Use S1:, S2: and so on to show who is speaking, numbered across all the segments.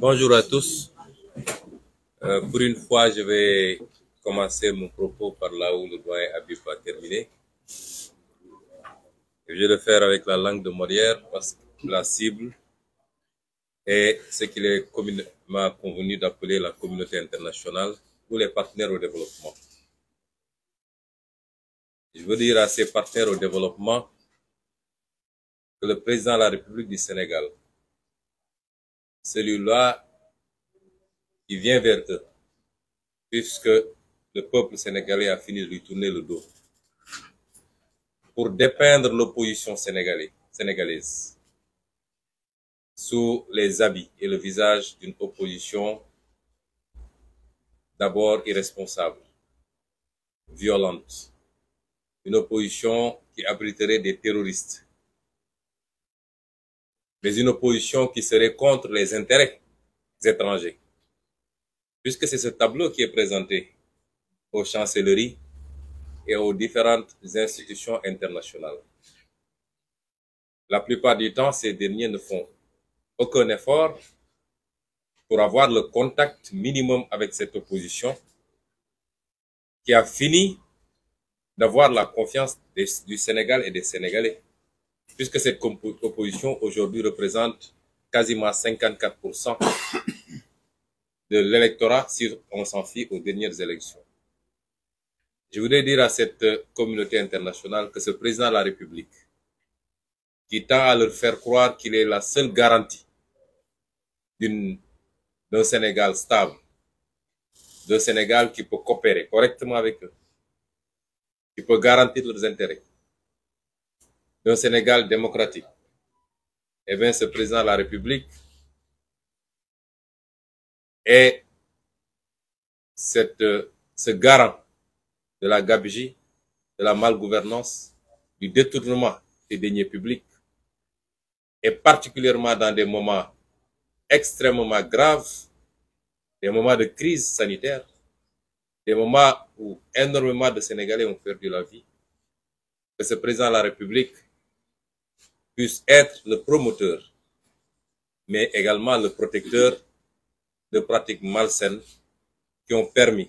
S1: Bonjour à tous. Euh, pour une fois, je vais commencer mon propos par là où le doyen Habib a terminé. je vais le faire avec la langue de Molière parce que la cible est ce qu'il est communément convenu d'appeler la communauté internationale ou les partenaires au développement. Je veux dire à ces partenaires au développement que le président de la République du Sénégal, celui-là qui vient vers eux, puisque le peuple sénégalais a fini de lui tourner le dos, pour dépeindre l'opposition sénégalaise sous les habits et le visage d'une opposition d'abord irresponsable, violente, une opposition qui abriterait des terroristes, mais une opposition qui serait contre les intérêts étrangers. Puisque c'est ce tableau qui est présenté aux chancelleries et aux différentes institutions internationales. La plupart du temps, ces derniers ne font aucun effort pour avoir le contact minimum avec cette opposition qui a fini d'avoir la confiance du Sénégal et des Sénégalais puisque cette opposition aujourd'hui représente quasiment 54% de l'électorat si on s'en fie aux dernières élections. Je voudrais dire à cette communauté internationale que ce président de la République, qui tend à leur faire croire qu'il est la seule garantie d'un Sénégal stable, d'un Sénégal qui peut coopérer correctement avec eux, qui peut garantir leurs intérêts, d'un Sénégal démocratique. Eh bien, ce président de la République est ce garant de la gabegie, de la malgouvernance, du détournement des deniers publics, et particulièrement dans des moments extrêmement graves, des moments de crise sanitaire, des moments où énormément de Sénégalais ont perdu la vie, que ce président de la République puissent être le promoteur, mais également le protecteur de pratiques malsaines qui ont permis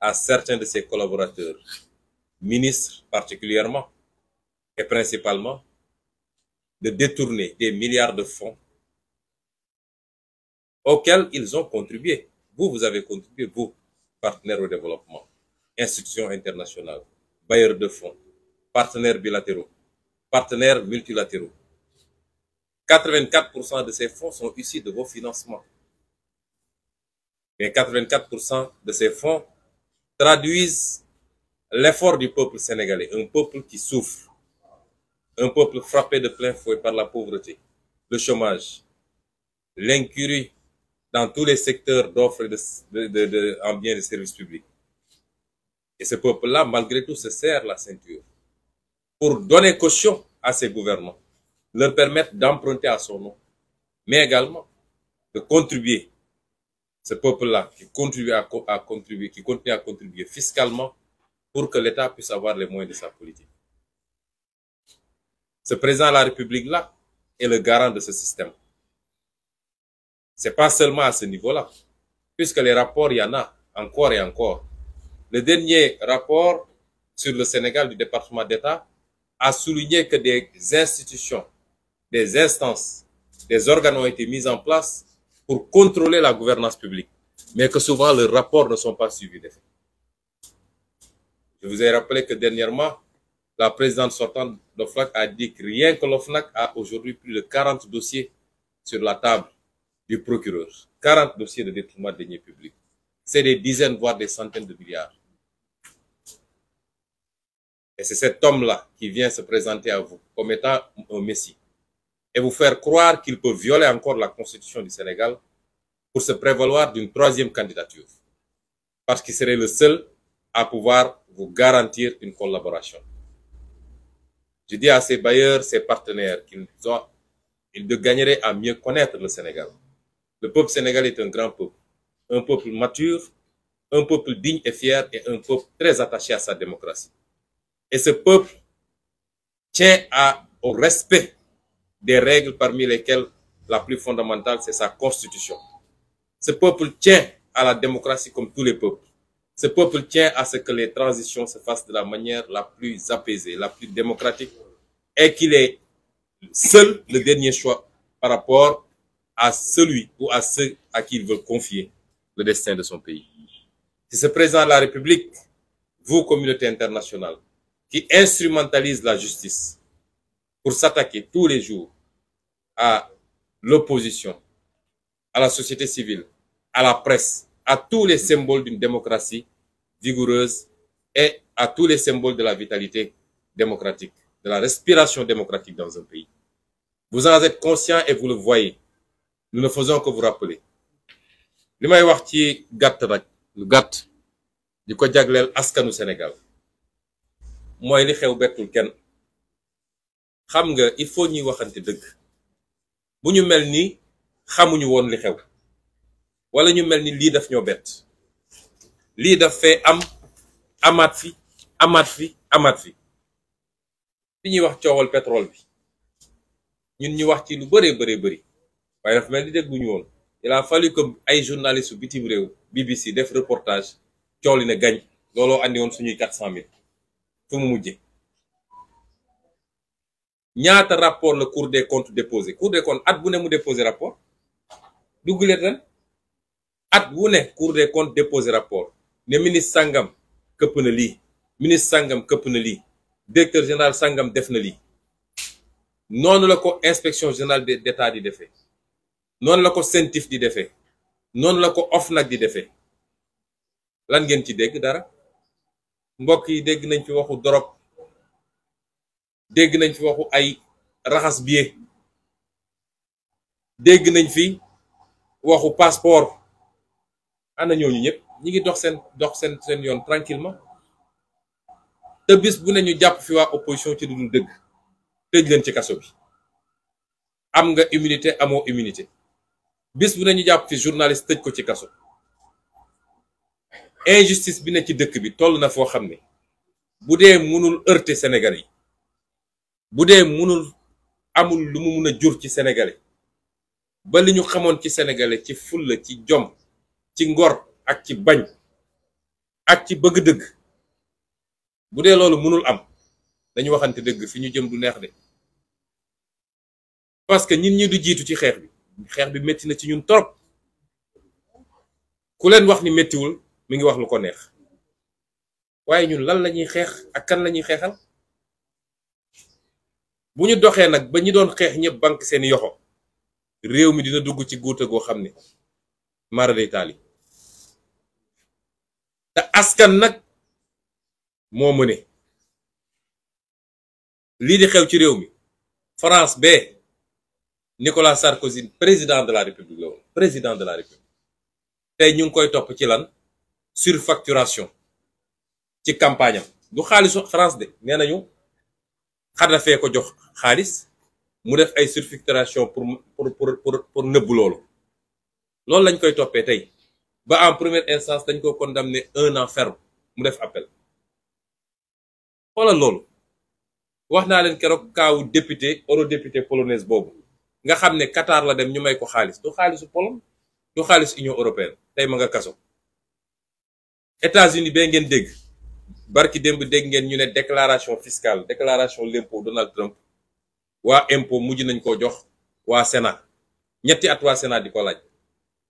S1: à certains de ses collaborateurs, ministres particulièrement et principalement, de détourner des milliards de fonds auxquels ils ont contribué. Vous, vous avez contribué, vous, partenaires au développement, institutions internationales, bailleurs de fonds, partenaires bilatéraux, partenaires multilatéraux. 84% de ces fonds sont issus de vos financements. Mais 84% de ces fonds traduisent l'effort du peuple sénégalais, un peuple qui souffre, un peuple frappé de plein fouet par la pauvreté, le chômage, l'incurie dans tous les secteurs d'offres de, de, de, en biens et services publics. Et ce peuple-là, malgré tout, se serre la ceinture pour donner caution à ces gouvernements, leur permettre d'emprunter à son nom, mais également de contribuer. Ce peuple-là qui contribue à, contribuer, qui continue à contribuer fiscalement pour que l'État puisse avoir les moyens de sa politique. Ce président de la République-là est le garant de ce système. Ce n'est pas seulement à ce niveau-là, puisque les rapports, il y en a encore et encore. Le dernier rapport sur le Sénégal du département d'État a souligné que des institutions, des instances, des organes ont été mis en place pour contrôler la gouvernance publique, mais que souvent les rapports ne sont pas suivis d'effet. Je vous ai rappelé que dernièrement, la présidente sortante de d'OFNAC a dit que rien que l'OFNAC a aujourd'hui plus de 40 dossiers sur la table du procureur. 40 dossiers de détournement de deniers publics. C'est des dizaines, voire des centaines de milliards. Et c'est cet homme-là qui vient se présenter à vous comme étant un messie et vous faire croire qu'il peut violer encore la constitution du Sénégal pour se prévaloir d'une troisième candidature, parce qu'il serait le seul à pouvoir vous garantir une collaboration. Je dis à ses bailleurs, ses partenaires qu'ils ils gagneraient à mieux connaître le Sénégal. Le peuple sénégalais est un grand peuple, un peuple mature, un peuple digne et fier et un peuple très attaché à sa démocratie. Et ce peuple tient au respect des règles parmi lesquelles la plus fondamentale, c'est sa constitution. Ce peuple tient à la démocratie comme tous les peuples. Ce peuple tient à ce que les transitions se fassent de la manière la plus apaisée, la plus démocratique, et qu'il est seul le dernier choix par rapport à celui ou à ceux à qui il veut confier le destin de son pays. Si ce président de la République, vous, communauté internationale, qui instrumentalise la justice pour s'attaquer tous les jours à l'opposition, à la société civile, à la presse, à tous les symboles d'une démocratie vigoureuse et à tous les symboles de la vitalité démocratique, de la respiration démocratique dans un pays. Vous en êtes conscient et vous le voyez. Nous ne faisons que vous rappeler. Le wax Sénégal mooy li xew bettul kenn xam nga il faut ñuy waxante dëgg bu ñu mel ni xamuñu woon li xew wala ñu mel ni lii daf ñoo bett lii daf fee am amaat fi amaat fi amaat fi fi ñuy wax coowal pétrole bi ñun ñu wax ci lu bëree bëree bëri waaye dafa mel ni dégguñu woon il a fallu que ay journaliste bitim réew BBC def reportage coow li ne gañ looloo andi woon suñuy quatre cent Il y un rapport le cours des comptes déposé cours des comptes déposé rapport duggulee at wu des comptes déposé rapport ministre sangam ministre sangam directeur général sangam Non le inspection générale d'État di Non le CENTIF di Non le ko di lan dara mbokk yi dégg nañ fi waxu dorog dégg nañ fi waxu ay raxas biir dégg nañ fi waxu passeport ana ñooñu ñëpp ñi ngi dox seen dox seen seen yoon tranquillement te bis bu nañu jàpp fi waa opposition ci lu dul dëgg tëj leen ci kaso bi am nga immunité amoo immunité bis bu nañu jàpp fi journaliste tëj ko ci kaso injustice bi ne ci dëkk bi toll na foo xam ne bu dee mënul heurter Sénégalais yi bu dee mënul amul lu mu mun a jur ci Sénégalais ba li ñu xamoon ci Sénégalais ci fulla ci jom ci ngor ak ci bañ ak ci bëgg dëgg bu dee loolu mënul am dañu waxante dëgg fi ñu jëm du neex de parce que ñin ñi du jiitu ci xeex bi xeex bi métti na ci ñun torop ku leen wax ni méttiwul mi ngi wax lu ko neex waaye ñun lan la ñuy xeex ak kan la ñuy xeexal bu ñu doxee nag ba ñi doon xeex ñëpp banque seeni yoxo réew mi dina dugg ci guute goo xam ne mara day te askan nag moo ne lii di xew ci réew mi France ba Nicolas Sarkozy président de la République la président de la République tey ñu ngi koy topp ci lan surfacturation ci campagne du xaalisu France de nee nañu xadafee ko jox xaalis mu def ay surfacturation pour pour pour pour pour neub loolu loolu lañ koy topé tay. ba en première instance dañ ko condamné un an ferme mu def appel xoolal loolu wax naa leen keroog kaawu député eurodéputé polonaise boobu nga xamné Qatar la dem ñu may ko xaalis du xaalisu Pologne du xaalis Union européenne Tay ma nga kasso. États-Unis bee ngeen dégg barki démb dégg ngeen ñu ne déclaration fiscale déclaration l'impôt Donald Trump waa impo mujj nañ koo jox waa Sénat ñetti at waa Sénat di ko laaj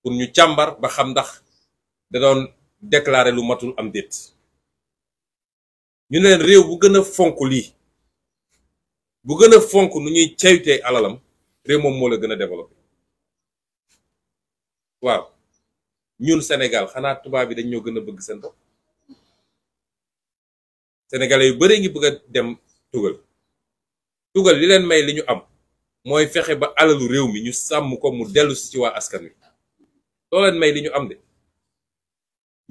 S1: pour ñu càmbar ba xam ndax da doon déclarer lu matul am déet ñu ne leen réew bu gën a fonk lii bu gën a fonk nu ñuy caytee alalam réew moom moo la gën a développé waaw ñun senegal xanaa tubaab bi dañ ñoo gën a bëgg seen bopp sénégalais yu bëree ngi bëgg a dem tugal tugal li leen may li ñu am mooy fexe ba alalu réew mi ñu sàmm ko mu dellu si ci waa askan wi loo leen may li ñu am de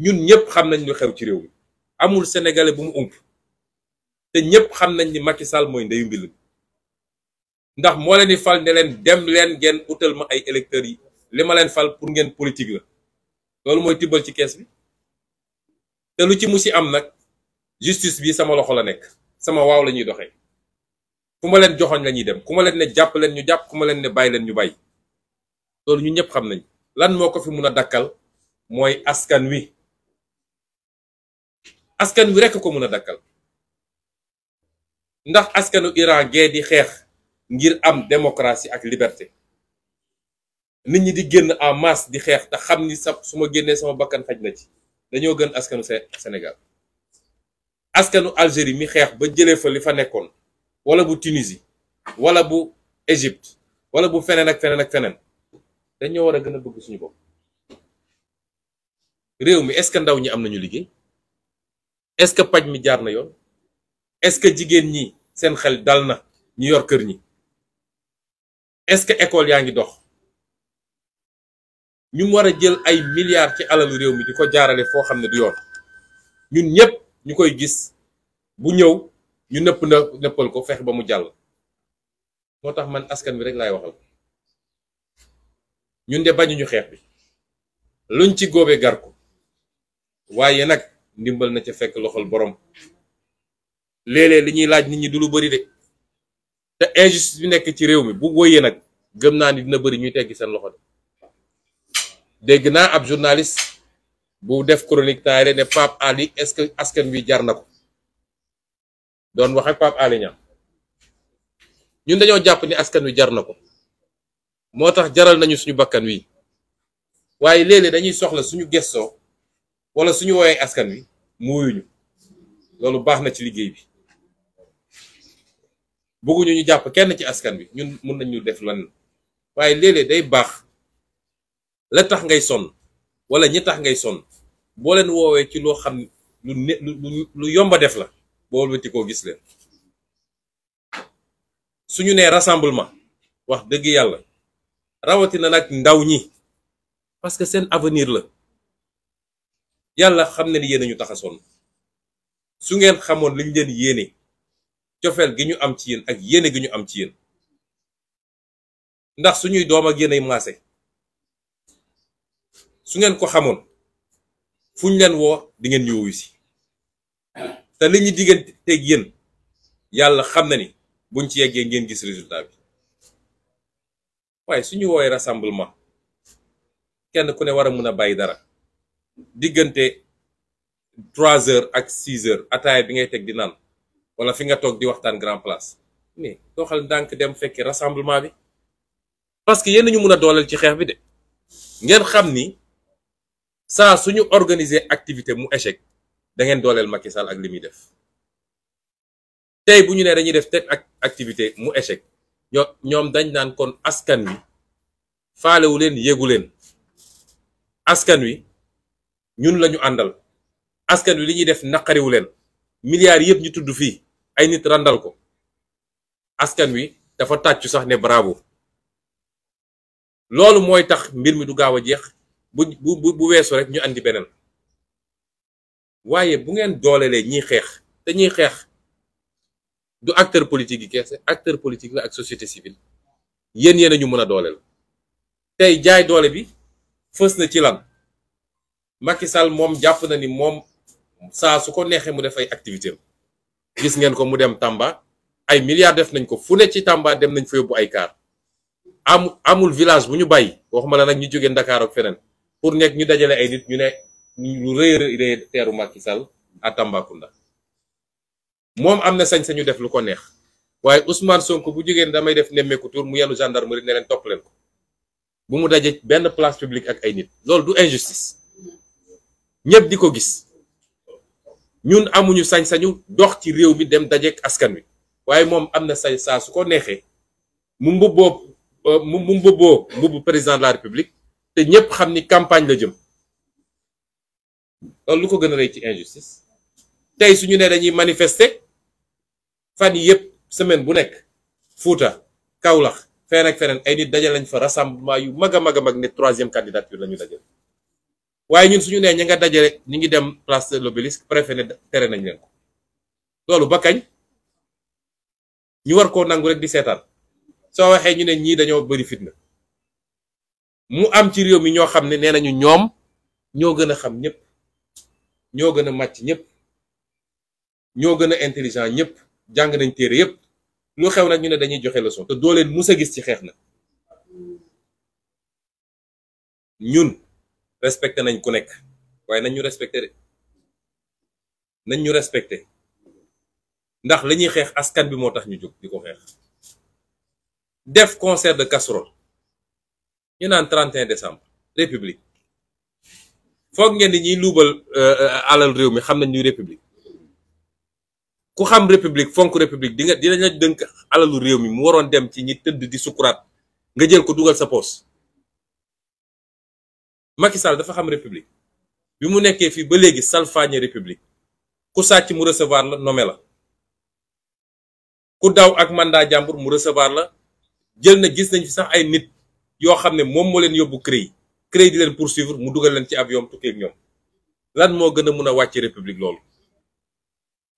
S1: ñun ñëpp xam nañ lu xew ci réew mi amul sénégalais bu mu ump te ñëpp xam nañ ni Macky Sall mooy ndeyu mbilu ndax moo leen di fal ne leen dem leen ngeen utal ma ay électeurs yi li ma leen fal pour ngeen politique la. loolu mooy tibbal ci kees bi te lu ci mu ci am nag justice bi sama loxo la nekk sama waaw la ñuy doxee ku ma leen joxoñ la ñuy dem ku ma leen ne jàpp leen ñu jàpp ku ma leen ne bàyyi leen ñu bàyyi loolu ñu ñëpp xam nañ lan moo ko fi mun a dakkal mooy askan wi askan wi rekk ko mën a dakkal ndax askanu Iran gee di xeex ngir am démocratie ak liberté nit ñi di génn en masse di xeex te xam ni sa su ma génnee sama bakkan xaj na ci dañoo gën askanu Sénégal askanu Algérie mi xeex ba jëlee fa li fa nekkoon wala bu Tunisie wala bu Égypte wala bu feneen ak feneen ak feneen dañoo war a gën a bëgg suñu bopp réew mi est-ce ndaw ñi am nañu liggéey est-ce que paj mi jaar na yoon est-ce que jigéen ñi seen xel dal na ñu yor kër ñi est-ce que école yaa ngi dox. ñu wara jël ay milliards ci alalu rew mi diko jaarale fo xamne du yoon ñun ñepp ñukoy gis bu ñew ñu nepp na ko fex ba mu jall motax man askan bi rek lay waxal ñun de ñu xex bi luñ ci gobe gar ko waye nak ndimbal na ci fekk loxol borom Lele li ñuy laaj nit ñi du lu bari de te injustice bi nekk ci réew mi bu woyé nak gëm naa ni dina bari ñuy teggi seen loxol dégg naa ab journaliste bu def chronique taare ne Pape Ali est-ce que askan wi jar na ko doon wax ak Pape Ali ña ñun dañoo jàpp ni askan wi jar na ko moo tax jaral nañu suñu bakkan wi waaye léeg dañuy soxla suñu gestoo wala suñu woowee askan wi muuyuñu loolu baax na ci liggéey bi bëgguñu ñu jàpp kenn ci askan wi ñun mun nañu def lan waaye léeg day baax. la tax ngay sonn wala ñi tax ngay sonn boo leen woowee ci loo xam lu ne lu yomba def la boo wëti koo gis leen suñu nee rassemblement wax dëgg yàlla rawatina nag ndaw ñi parce que seen avenir la yàlla xam ne ni yéen ñu taxa a sonn su ngeen xamoon liñ leen yéene cofeel gi ñu am ci yéen ak yéene gi ñu am ci yéen ndax suñuy doom ak yéenay maase su ngeen ko xamone fuñ len wo di ngeen ñewu ci te liñu digënté ak yeen yalla yàlla xam na ni buñ ci yeggé ngeen gis résultat bi way suñu woy rassemblement kenn ku ne wara mëna bay dara digënté 3h ak 6h ataaya bi ngay tek di nan wala fi nga tok di waxtaan grand place mais xal dank dem fekk rassemblement bi parce que yeen ñu mëna a ci xex bi de ngeen xam ni. saa suñu organiser activité mu échec da ngeen dooleel Macky Sall ak li muy def tey bu ñu nee dañuy def teg ak activité mu échec ñoom dañ naan kon askan wi faalewu leen yéegu leen askan wi ñun lañu àndal askan wi li ñuy def naqariwu leen milliards yëpp ñu tudd fii ay nit randal ko askan wi dafa tàccu sax ne bravo loolu mooy tax mbir mi du gaaw a jeex bu bu bu wessu rek ñu andi benen waye bu ngeen doolelee ñi xex te ñi xex du acteur politique yi keese acteur politique la ak société civile yeen yeena ñu mëna a dooleel. tey jaay doole bi feus na ci lan Macky Sall mom japp na ni mom sa su ko nexé mu def ay activité gis ngeen ko mu dem Tamba ay milliards def nañ ko fu ne ci Tamba dem nañ fa yobbu ay car amul village bu ñu bàyyi waxuma la nak ñu joggé Dakar ak fenen pour nekk ñu dajale ay nit ñu ne lu rëy rëy teeru Macky Sall à moom am na sañ-sañu def lu ko neex waaye Ousmane sonk bu jógeen damay def nemmeeku tur mu yenu gendarmerie ne leen topp leen ko bu mu daje benn place publique ak ay nit loolu du injustice ñëpp di ko gis ñun amuñu sañ-sañu dox ci réew mi dem dajeek askan wi waaye moom am na sañ saa su ko neexee mu mbubboo euh, mu mbubboo mbubbu président de la république te ñepp xamni campagne la jëm loolu lu ko gëna reey ci injustice tay suñu ne dañuy manifester fan yépp semaine bu nek fouta Kaolack feneen ak feneen ay nit dajal lañ fa rassemblement yu maga maga mag ne troisième candidature lañu dajal waaye ñun suñu nee ñi nga dajale ñi ngi dem place de l'Obélisque préfet nañ leen ko loolu ba kañ ñu war ko nangu rek di sétal so waxé ñu ne ñi dañoo bari fitna. mu am ci réew mi ñoo xam ne nee nañu ñoom ñoo gën a xam ñëpp ñoo gën a màcc ñëpp ñoo gën a intelligent ñëpp jàng nañ téere yëpp lu xew nañ ñu ne dañuy joxe leçon te dooleen leen mus gis ci xeex na ñun respecté nañ ku nekk waaye nañ ñu respecté de nañ ñu respecté ndax lañuy xeex askan bi moo tax ñu jóg di ko xeex def concert de casserole ñu naan 31 décembre république foog ngeen di ñuy luubal euh, alal réew mi xam nañ ñuy république ku xam république fonk république di nga dinañ dënk alalu réew mi mu waroon dem ci ñi tëdd di sukuraat nga jël ko dugal sa poos Macky Sall dafa xam république bi mu nekkee fii ba léegi sal salfaañe république ku sàcc mu recevoir la nome la ku daw ak mandat jàmbur mu recevoir la jël na gis nañ fi sax ay nit yoo xam ne moom moo leen yóbbu CREI CREI di leen poursuivre mu dugal leen ci avion tukkee ak ñoom lan moo gën a mun a wàcce république loolu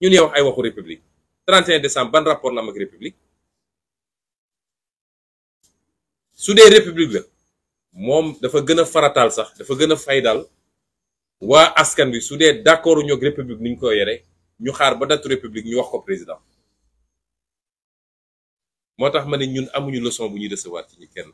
S1: ñu ne wax ay waxu république 31 décembre ban rapport la am ak république su dee république la moom dafa gën a farataal sax dafa gën a faydaal waa askan bi su dee d'accord ñoo république ni ñu ko yore ñu xaar ba datu république ñu wax ko président moo tax ma ne ñun amuñu leçon bu ñuy recevoir ci ñu ken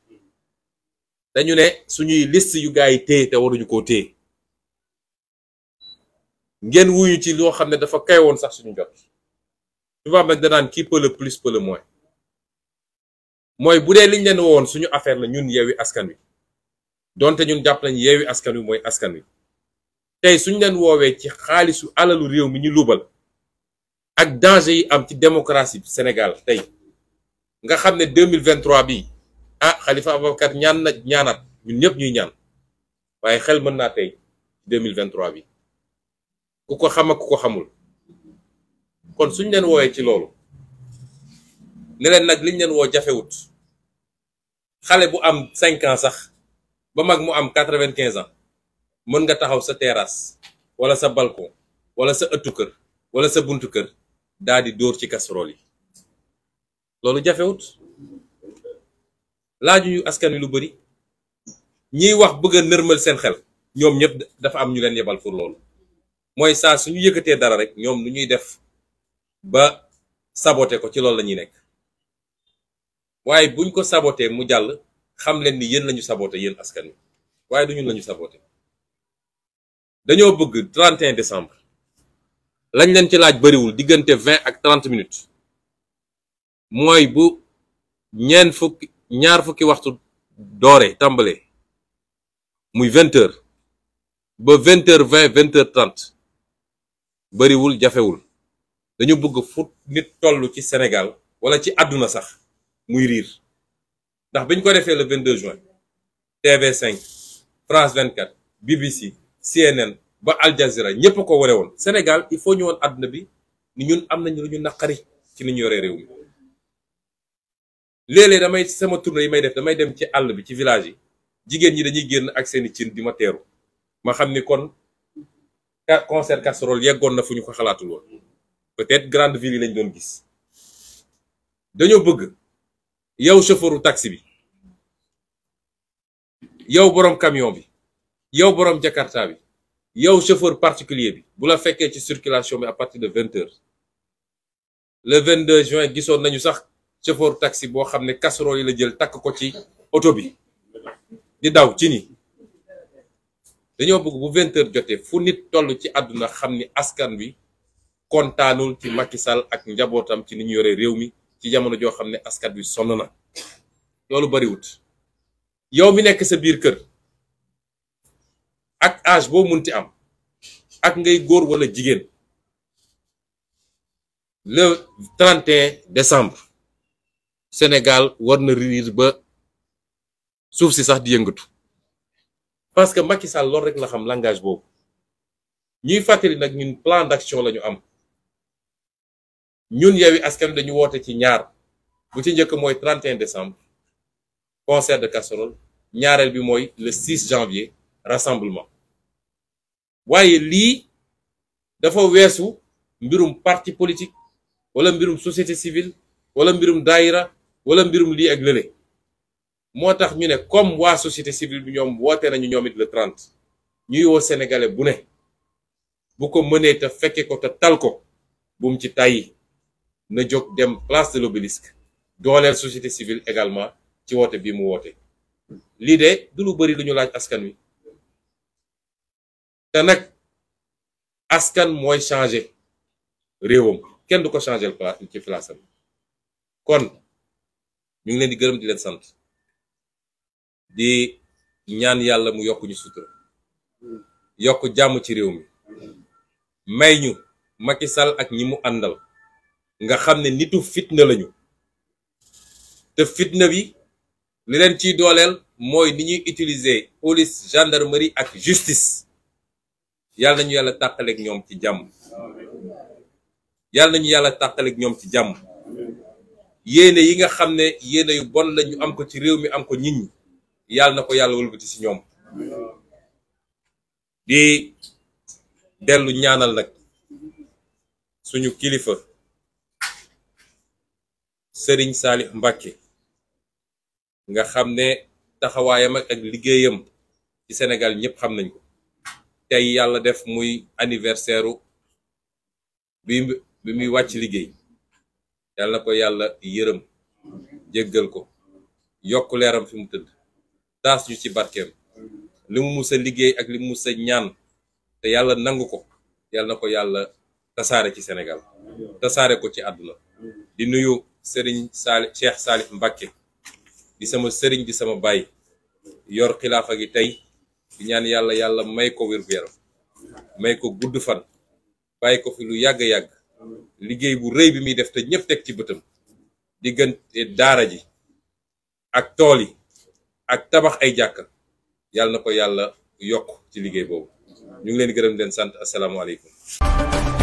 S1: dañu ne suñuy list yu gars yi te waruñu ko téye ngeen wuñu ci loo xam ne dafa kay woon sax suñu jot tubaab nag danaan qui peut le plus peut le mooy bu dee liñ leen woon suñu affaire la ñun yeewi askan wi donte ñun jàpp nañ yeewi askan wi mooy askan wi tey suñ leen woowee ci xaalisu alalu réew mi ñu luubal ak danger yi am ci démocratie Sénégal tey nga xam ne 2023 bi ah xalifa Ababacar ñaan nag ñaanaat ñun ñëpp ñuy ñaan waaye xel mën naa tey deux mille vingt bi ku ko xam ku ko xamul kon suñ leen woowee ci loolu ne leen nag liñ leen woo jafewut xale bu am cinq sax ba mag mu am quatre vingt quinze ans mën nga taxaw sa teraas wala sa balcon wala sa ëttu kër wala sa buntu kër daa di dóor ci casserole yi loolu jafewut laajuñu askan wi lu bëri ñiy wax bëgg a nërmal seen xel ñoom ñëpp dafa am ñu leen yebal fu loolu mooy saa suñu yëkkatee dara rek ñoom lu ñuy def ba saboté ko ci loolu la ñuy nekk waaye buñ ko saboté mu jàll xam leen ni yéen lañu saboté yéen askan wi waaye du ñun lañu saboté dañoo bëgg 31 décembre lañ leen ci laaj bëriwul diggante 20 ak 30 minutes mooy bu ñeen fukki ñaar fukki waxtu doore tàmbale muy vingt ba vingt heures vingt vingt heures bariwul jafewul dañu bëgg fu nit toll ci senegal wala ci àdduna sax muy riir ndax biñ ko defee le vingt deux juin TV5 France 24 BBC CNN ba Al Jazeera ñépp ko wone woon il faut ñu woon àdduna bi ni ñun am nañu lu ñu naqari ci ni ñu yore réew mi léeg-léeg damay sama tournée yi may def damay dem ci àll bi ci village yi jigéen ñi dañuy génn ak seeni cin di ma teeru ma xam ni kon concert casserole yeggoon na fu ñu ko xalaatul woon peut-être grande ville yi lañ doon gis dañoo bëgg yow chauffeuru taxi bi yow borom camion bi yow borom jakarta bi yow chauffeur particulier bi bu la fekkee ci circulation bi à partir de vingt le vingt deux juin gisoon nañu sax chauffeur taxi boo xam ne casserole yi la jël takk ko ci oto bi di daw ci ni dañoo bëgg bu vingt heures fu nit toll ci àdduna xam ni askan wi kontaanul ci Macky Sall ak njabootam ci ni ñu yore réew mi ci jamono joo xam ne askan bi sonn na loolu bariwut yow mi nekk sa biir kër ak âge boo munti am ak ngay góor wala jigéen le 31 décembre Sénégal war na riir ba suuf si sax di yëngatu parce que Macky Sall loolu rek la xam langage boobu ñuy fàttali nag ñun plan d'action la ñu am ñun Yewwi Askan dañu woote ci ñaar bu ci njëkk mooy 31 décembre concert de casserole ñaareel bi mooy le 6 janvier rassemblement waaye lii dafa weesu mbirum parti politique wala mbirum société civile wala mbirum daayira wala mbirum lii ak lële moo tax ñu ne comme waa société civile bi ñoom woote nañu ñoom it le 30 ñuy woo sénégalais bu ne bu ko mënee te fekkee ko te tal ko bum ci tàyyi na jóg dem place de l'obélisque dooleel société civile également ci woote bi mu woote lii de du lu bari lu ñu laaj askan wi te nag askan mooy changer réewam kenn du ko changer ci place am kon ñu ngi leen di gërëm di leen sant di ñaan yàlla mu yokk ñu sutura yokk jàmm ci réew mi may ñu Macky Sall ak ñi mu àndal nga xam ne nitu fitna lañu te fitna bi li leen ciy dooleel mooy ni ñuy utiliser police gendarmerie ak justice yàlla nañu yàlla tàqaleeg ñoom ci jàmm yàlla nañu yàlla tàqaleeg ñoom ci jàmm yéene yi nga xam ne yéene yu bon lañu am ko ci réew mi am ko nit ñi na ko yàlla wëlbati si ñoom di dellu ñaanal nag suñu kilifa Serigne Salih Mbacké nga xam ne taxawaayam ak liggéeyam ci Sénégal ñëpp xam nañ ko tey yàlla def muy anniversaire bi bi muy wàcc liggéey yàlla na ko yàlla yërëm jéggal ko yokkleeram fi mu tëdd taas ñu ci barkeem li mu liggéey ak li mu mus ñaan te yàlla nangu ko yàlla ko yàlla tasaare ci senegal tasaare ko ci àdduna di nuyu sëriñ saali Cheikh Salif Mbacké di sama sëriñ di sama baay yor xilaafa gi tey di ñaan yàlla yàlla may ko wér-gu-yaram may ko gudd fan bàyyi ko fi lu yàgg-yàgg liggéey bu rëy bi muy def te ñëpp teg ci bëtam diggante daara ji ak tool yi ak tabax ay jàkka yàlla na ko yàlla yokk ci liggéey boobu ñu ngi leen gërëm leen sant asalaamualeykum